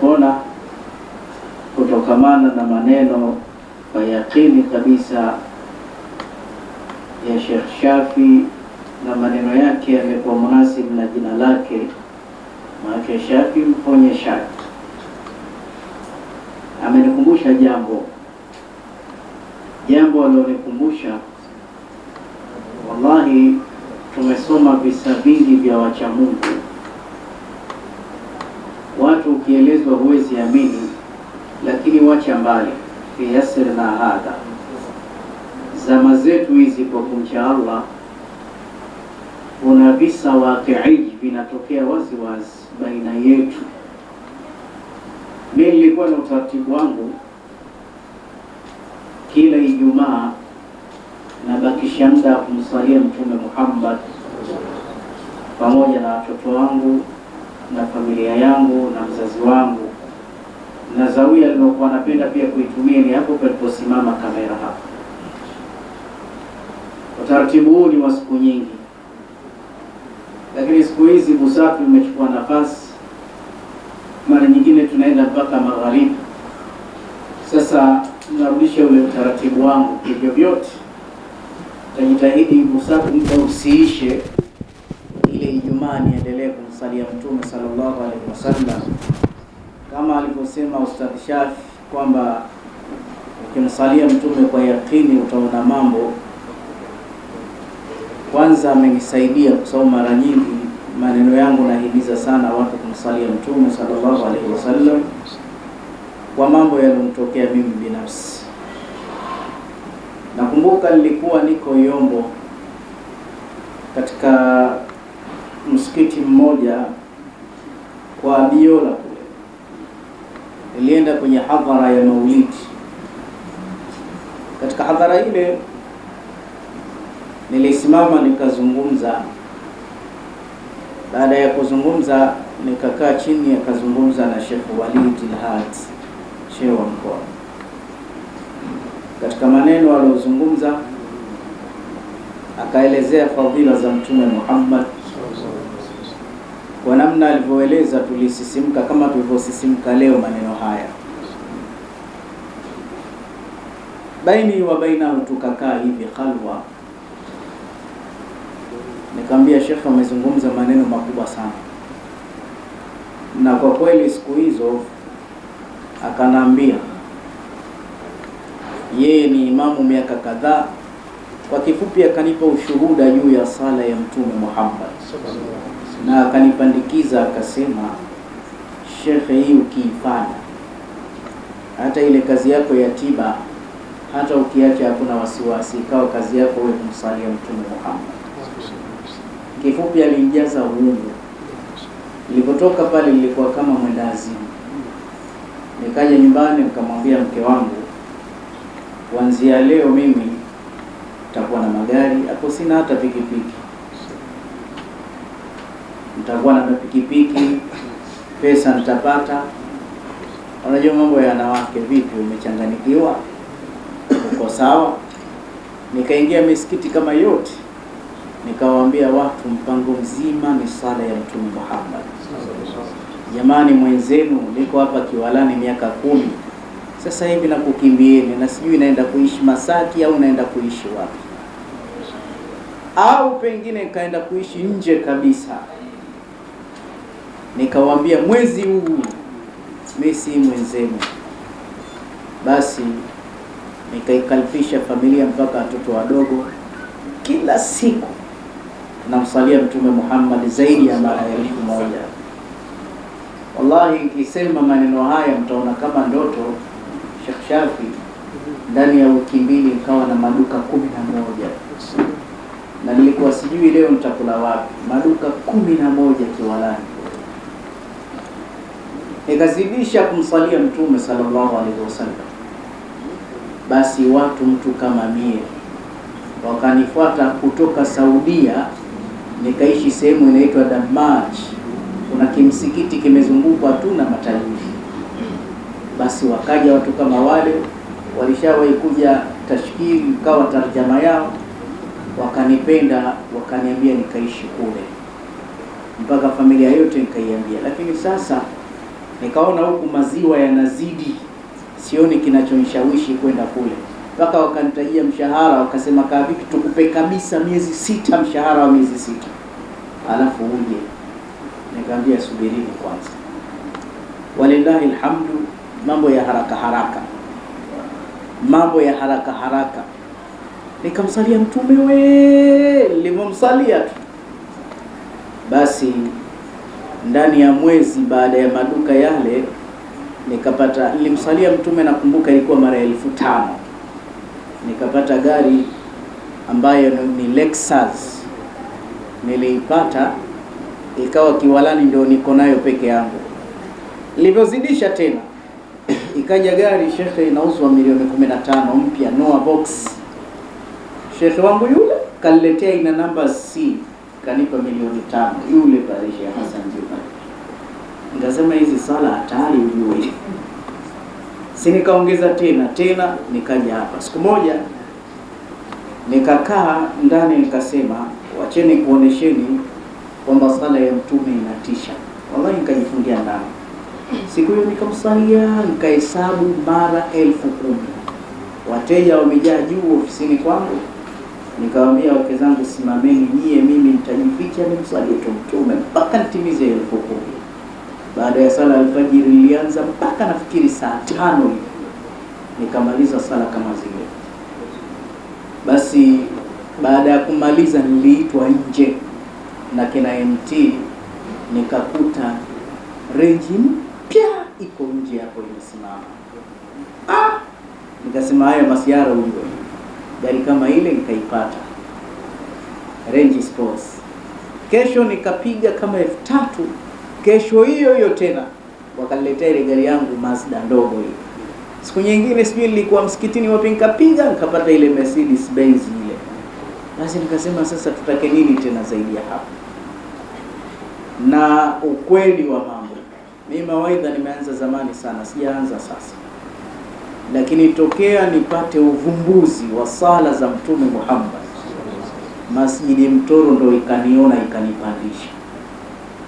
kupona kutokamana na maneno kwa yakini kabisa ya Sheikh Shafi, na maneno yake yamekuwa munasibu na jina lake maake Shafi mponye shaki. Amenikumbusha jambo jambo alionikumbusha, wallahi tumesoma visa vingi vya wachamungu watu ukielezwa huwezi amini, lakini wacha mbali na hadha, zama zetu hizi kwa kumcha Allah kuna visa wakii vinatokea wazi wazi baina yetu. mi nilikuwa na utaratibu wangu, kila Ijumaa nabakisha muda wa kumswalia Mtume Muhammad pamoja na watoto wangu na familia yangu na mzazi wangu na zawia niliyokuwa napenda pia kuitumia ni hapo paliposimama kamera hapa. Utaratibu huu ni wa siku nyingi, lakini siku hizi Busafi umechukua nafasi, mara nyingine tunaenda mpaka magharibi. Sasa narudisha ule utaratibu wangu, hivyo vyote tajitahidi Busafi muda usiishe imani endelee kumsalia Mtume sallallahu alaihi wasallam, kama alivyosema Ustadh Shafi kwamba ukimsalia Mtume kwa yakini utaona mambo. Kwanza amenisaidia kwa sababu mara nyingi maneno yangu nahimiza sana watu kumsalia Mtume sallallahu alaihi wasallam kwa mambo yaliyomtokea mimi binafsi. Nakumbuka nilikuwa niko Yombo katika msikiti mmoja kwa Biola kule, nilienda kwenye hadhara ya maulidi. Katika hadhara ile nilisimama nikazungumza. Baada ya kuzungumza, nikakaa chini, akazungumza na Sheikh Walid al shehe wa mkoa. Katika maneno aliyozungumza, akaelezea fadhila za Mtume Muhammad kwa namna alivyoeleza tulisisimka kama tulivyosisimka leo maneno haya. Baini wa bainahu tukakaa hivi khalwa, nikamwambia shekhe, amezungumza maneno makubwa sana, na kwa kweli siku hizo akanaambia yeye ni imamu miaka kadhaa. Kwa kifupi, akanipa ushuhuda juu ya sala ya Mtume Muhammad na akanipandikiza akasema, shekhe, hii ukiifanya hata ile kazi yako ya tiba, hata ukiacha hakuna wasiwasi, ikawa kazi yako wewe kumsalia Mtume Muhammad. Kifupi, aliijaza uungu. Nilipotoka pale nilikuwa kama mwenda azimu. Nikaja nyumbani nikamwambia mke wangu, kuanzia leo mimi nitakuwa na magari hapo, sina hata pikipiki nitakuwa na pikipiki, pesa nitapata. Unajua mambo ya wanawake, vipi, umechanganikiwa, uko sawa? Nikaingia misikiti kama yote, nikawaambia watu mpango mzima ni sala ya Mtume Muhammad. Jamani, mwenzenu niko hapa Kiwalani miaka kumi sasa hivi nakukimbieni, na sijui naenda kuishi Masaki au naenda kuishi wapi, au pengine nikaenda kuishi nje kabisa. Nikawaambia mwezi huu mimi si mwenzenu. Basi nikaikalifisha familia mpaka watoto wadogo, kila siku namsalia Mtume Muhammad zaidi ya mara elfu moja. Wallahi, nikisema maneno haya mtaona kama ndoto. Sheikh Shafi ndani ya wiki mbili nikawa na maduka kumi na moja na nilikuwa sijui leo nitakula wapi. Maduka kumi na moja Kiwalani ikazidisha kumsalia Mtume sallallahu alaihi wasallam. Basi watu mtu kama mie wakanifuata kutoka Saudia, nikaishi sehemu inaitwa Damaj, kuna kimsikiti kimezungukwa tu na matajiri. Basi wakaja watu kama wale, walishawahi kuja tashkili, ukawa tarjama yao, wakanipenda, wakaniambia nikaishi kule mpaka familia yote nikaiambia, lakini sasa nikaona huku maziwa yanazidi, sioni kinachonishawishi kwenda kule, mpaka wakanitajia mshahara, wakasema kaa vipi, tukupe kabisa miezi sita, mshahara wa miezi sita alafu uje. Nikaambia subirini kwanza, walillahi alhamdu, mambo ya haraka haraka, mambo ya haraka haraka. Nikamsalia mtume we, nilimomsalia tu basi ndani ya mwezi baada ya maduka yale nikapata, nilimsalia Mtume, nakumbuka ilikuwa mara elfu tano nikapata gari ambayo ni Lexus, niliipata ikawa Kiwalani ndio niko nayo peke yangu. Nilivyozidisha tena ikaja gari shekhe, inauzwa milioni 15 mpya, Noah box. Shekhe wangu yule kaniletea, ina namba C, kanipa milioni tano, yule Barisha Hassan nikasema hizi sala hatari ujue. Si nikaongeza tena tena, nikaja hapa siku moja, nikakaa ndani, nikasema wacheni kuonesheni kwamba sala ya mtume inatisha. Wallahi, nikajifungia ndani. Siku hiyo nikamsalia, nikahesabu mara elfu kumi. Wateja wamejaa juu ofisini kwangu, nikawaambia wake zangu, simameni nyie, mimi nitajificha nimsalie tu mtume mpaka nitimize elfu kumi. Baada ya sala alfajiri ilianza mpaka nafikiri saa tano hivi nikamaliza sala kama zile. Basi baada ya kumaliza niliitwa nje na kina MT, nikakuta renji mpya iko nje hapo imesimama. Ah, nikasema haya masiara huyo, gari kama ile nikaipata, Range Sports. Kesho nikapiga kama elfu tatu Kesho hiyo hiyo tena wakaniletea ile gari yangu Mazda ndogo hiyo. Siku nyingine sijui nilikuwa msikitini wapi, nikapiga nikapata ile Mercedes Benz ile. Basi nikasema sasa tutake nini tena zaidi ya hapo? Na ukweli wa mambo, mimi mawaidha nimeanza zamani sana, sijaanza sasa, lakini tokea nipate uvumbuzi wa sala za Mtume Muhammad, Masjidi Mtoro ndo ikaniona ikanipandisha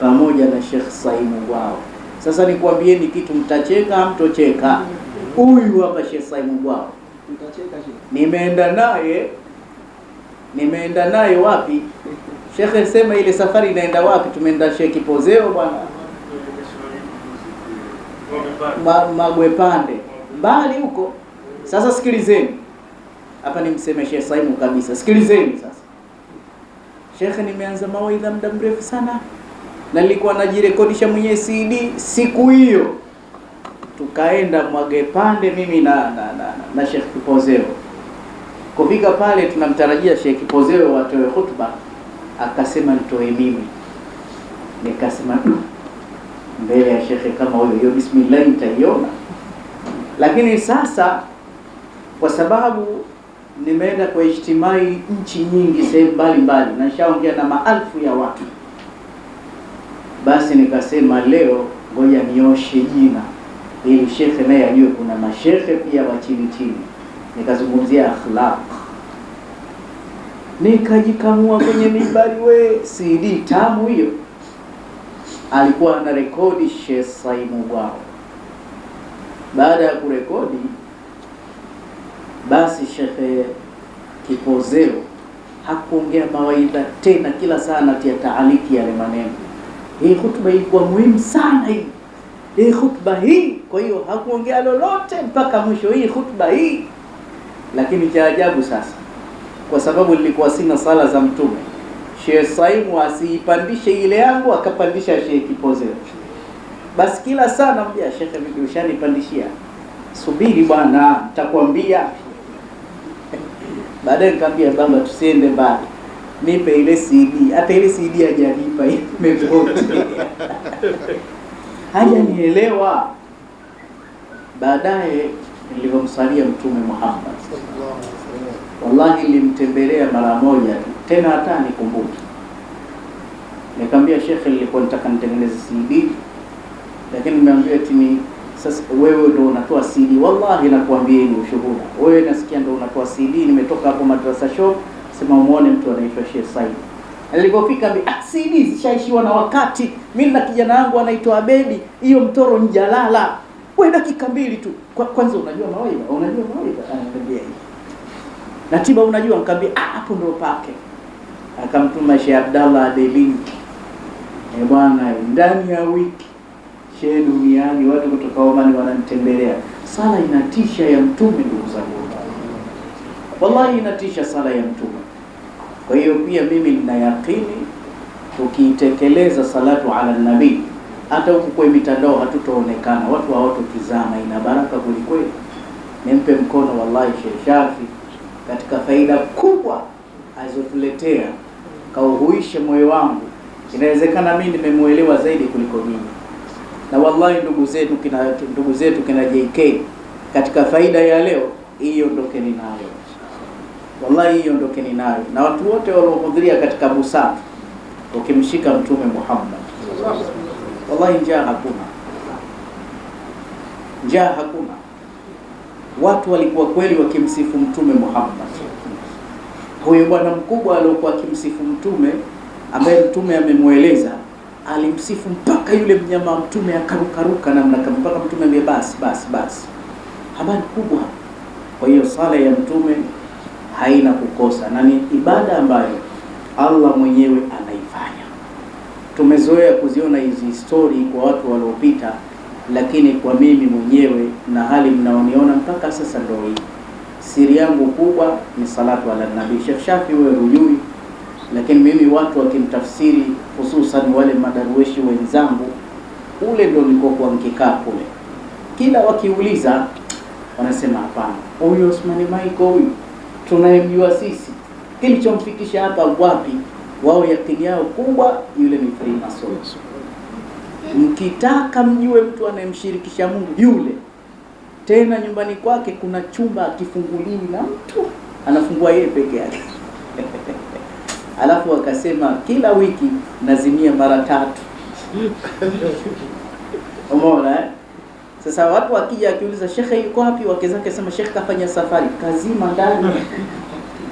pamoja na Sheikh Saimu Gwao. Sasa nikwambieni kitu, mtacheka mtocheka. Huyu hapa Sheikh Saimu Gwao nimeenda naye, nimeenda naye wapi? Shekhe sema ile safari inaenda wapi? Tumeenda Sheikh Kipozeo bwana magwe pande mbali huko. Sasa sikilizeni hapa, nimseme Sheikh Saimu kabisa, sikilizeni sasa. Shekhe, nimeanza mawaidha muda mrefu sana na nilikuwa najirekodisha mwenyewe CD siku hiyo, tukaenda mwage pande mimi na na, na, na Sheikh Kipozeo. Kufika pale tunamtarajia Sheikh Kipozeo atoe hutuba, akasema nitoe mimi, nikasema mbele ya shekhe kama huyo hiyo, bismillah, nitaiona. Lakini sasa kwa sababu nimeenda kwa ijtimai nchi nyingi, sehemu mbalimbali, na nishaongea na maelfu ya watu basi nikasema leo ngoja nioshe jina ili shekhe naye ajue kuna mashekhe pia wa chini chini. Nikazungumzia akhlaq, nikajikamua kwenye mimbari. We CD tamu hiyo, alikuwa rekodi Sheikh Saimu Gwao. Baada ya kurekodi, basi shekhe Kipozeo hakuongea mawaidha tena, kila saa anatia taaliki yale maneno hii hutuba ilikuwa muhimu sana hii hii hutuba hii. Kwa hiyo hakuongea lolote mpaka mwisho hii hutuba hii, lakini cha ajabu sasa, kwa sababu nilikuwa sina sala za Mtume, Sheikh Saimu asiipandishe ile yangu, akapandisha Sheikh Kipoze. Basi kila saa namwambia Sheikh, vipi ushanipandishia? Subiri bwana, nitakwambia baadaye. Nikamwambia baba, tusiende mbali nipe ile CD. Hata ile CD hajanipa imepotea, hajanielewa. Baadaye nilivyomsalia Mtume Muhammad, wallahi nilimtembelea mara moja tena hata nikumbuki. Nikamwambia shekhe, nilikuwa nitaka nitengeneze CD, lakini nimeambiwa eti sasa wewe ndo unatoa CD. Wallahi nakwambia ni ushuhuda, wewe nasikia ndo unatoa CD. Nimetoka hapo madrasa shop sema muone mtu anaitwa Sheikh Said. Nilipofika asidi ah, zishaishiwa na wakati, mimi na kijana wangu anaitwa Abedi, hiyo mtoro njalala, we dakika mbili tu kwa, kwanza unajua mawaidha, unajua mawaidha, ananiambia ah, hivi na tiba, unajua nikamwambia, ah, hapo ndio pake. Akamtuma Sheikh Abdallah Adelini, e eh, bwana, ndani ya wiki shehe duniani, watu kutoka Oman wananitembelea. Sala inatisha ya Mtume, ndugu zangu, wallahi inatisha sala ya Mtume. Kwa hiyo pia mimi nina yakini tukiitekeleza salatu ala nabii, hata huku kwa mitandao hatutaonekana, watu hawatukizama. Ina baraka kwelikweli. Nimpe mkono wallahi Sheikh Shafi katika faida kubwa alizotuletea, kauhuishe moyo wangu. Inawezekana mimi nimemwelewa zaidi kuliko mimi, na wallahi ndugu zetu kina ndugu zetu kina JK katika faida ya leo hiyo, ndokeni nayo. Wallahi, hiyo ondokeni nayo na watu wote waliohudhuria katika busara, ukimshika Mtume Muhammad wallahi, njaa hakuna, njaa hakuna. Watu walikuwa kweli wakimsifu Mtume Muhammad, huyu bwana mkubwa aliokuwa akimsifu Mtume ambaye Mtume amemweleza alimsifu mpaka yule mnyama wa Mtume akarukaruka namna mpaka Mtume ambia basi basi basi, habari kubwa. Kwa hiyo sala ya Mtume haina kukosa na ni ibada ambayo Allah mwenyewe anaifanya. Tumezoea kuziona hizi histori kwa watu waliopita, lakini kwa mimi mwenyewe na hali mnaoniona mpaka sasa ndio hii. Siri yangu kubwa ni salatu ala nabii. Sheikh Shafi wewe hujui, lakini mimi watu wakimtafsiri, hususan wale madarueshi wenzangu, ule ndio kwa nkikaa kule, kila wakiuliza wanasema hapana, huyu Osmani Maiko huyu tunayemjua sisi kilichomfikisha hapa wapi, wao yakini yao kubwa yule ni Freemason. Mkitaka mjue mtu anayemshirikisha Mungu yule, tena nyumbani kwake kuna chumba akifunguliwi na mtu, anafungua yeye peke yake alafu akasema kila wiki nazimia mara tatu umeona eh? Sasa watu wakija akiuliza shekhe yuko wapi, wake zake sema shekhe kafanya safari, kazima ndani.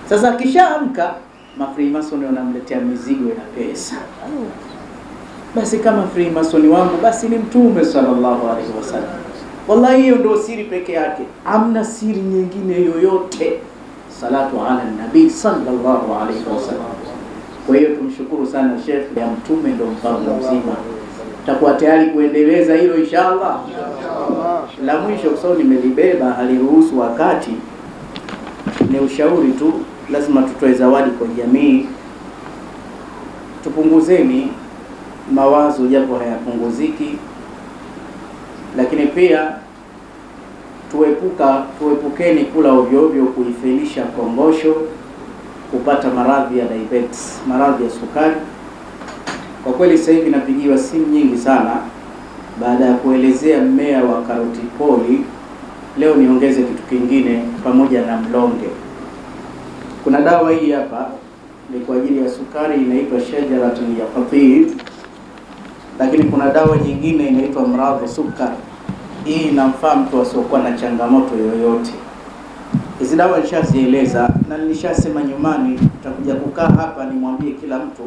Sasa akishaamka mafrimasoni wanamletea mizigo na pesa. Basi kama freemason wangu basi ni Mtume sallallahu alaihi wasallam. Wallahi, hiyo ndio siri peke yake, amna siri nyingine yoyote. Salatu ala nabii sallallahu alaihi wasallam. Kwa hiyo tumshukuru sana Shekhe ya Mtume, ndio mfano mzima takuwa tayari kuendeleza hilo inshallah. La mwisho kwa sababu nimelibeba, haliruhusu wakati, ni ushauri tu, lazima tutoe zawadi kwa jamii. Tupunguzeni mawazo, japo hayapunguziki, lakini pia tuepuka tuepukeni kula ovyo ovyo, kuifilisha kongosho, kupata maradhi ya diabetes, maradhi ya sukari kwa kweli sasa hivi napigiwa simu nyingi sana baada ya kuelezea mmea wa karoti poli. Leo niongeze kitu kingine pamoja na mlonge. Kuna dawa hii hapa ni kwa ajili ya sukari, inaitwa shajaratun ya fatir, lakini kuna dawa nyingine inaitwa mradhi sukar. Hii inamfaa mtu asiokuwa na changamoto yoyote. Hizi dawa nishazieleza na nishasema nyumbani, tutakuja kukaa hapa nimwambie kila mtu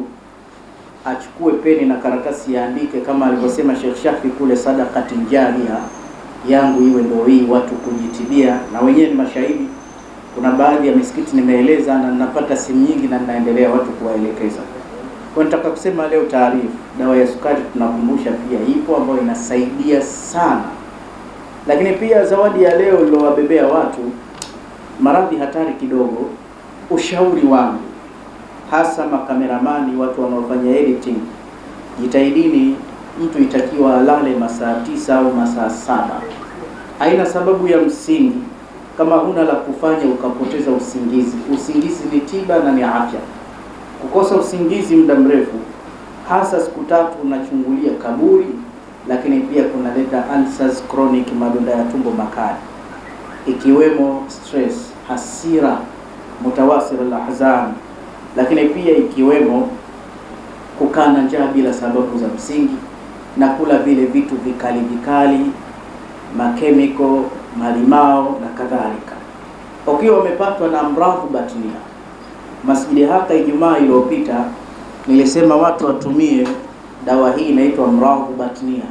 achukue peni na karatasi yaandike, kama alivyosema Sheikh Shafi kule, sadakati jaria yangu iwe ndio hii, watu kujitibia. Na wenyewe ni mashahidi, kuna baadhi ya misikiti nimeeleza, na ninapata simu nyingi na ninaendelea watu kuwaelekeza. Kwa nitaka kusema leo, taarifu dawa ya sukari tunakumbusha pia ipo, ambayo inasaidia sana, lakini pia zawadi ya leo iliyowabebea watu maradhi hatari kidogo, ushauri wangu hasa makameramani, watu wanaofanya editing, jitahidini, mtu itakiwa alale masaa tisa au masaa saba. Haina sababu ya msingi kama huna la kufanya ukapoteza usingizi. Usingizi ni tiba na ni afya. Kukosa usingizi muda mrefu, hasa siku tatu, unachungulia kaburi, lakini pia kunaleta ulcers chronic, madonda ya tumbo makali, ikiwemo stress, hasira, mutawasir al-ahzan lakini pia ikiwemo kukaa na njaa bila sababu za msingi na kula vile vitu vikali vikali, makemiko, malimao na kadhalika. Ukiwa umepatwa na mrafu batnia masjidi hapa Ijumaa iliyopita nilisema watu watumie dawa hii inaitwa mrafu batnia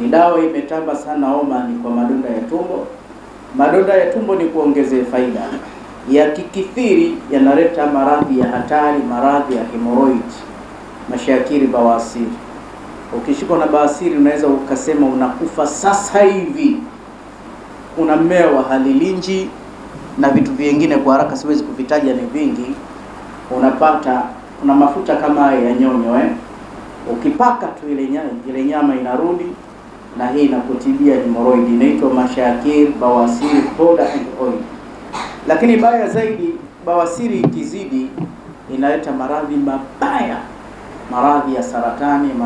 Ni dawa imetamba sana Omani kwa madonda ya tumbo. Madonda ya tumbo ni kuongeze faida yakikithiri yanaleta maradhi ya hatari, maradhi ya hemoroid, mashakiri, bawasiri. Ukishikwa na bawasiri unaweza ukasema unakufa sasa hivi. Kuna mmea wa halilinji na vitu vingine, kwa haraka siwezi kuvitaja, ni vingi. Unapata kuna mafuta kama haya ya nyonyo eh? Ukipaka tu ile nyama, ile nyama inarudi na hii inakutibia hemoroid. Inaitwa mashakiri bawasiri powder and oil. Lakini baya zaidi, bawasiri ikizidi inaleta maradhi mabaya, maradhi ya saratani.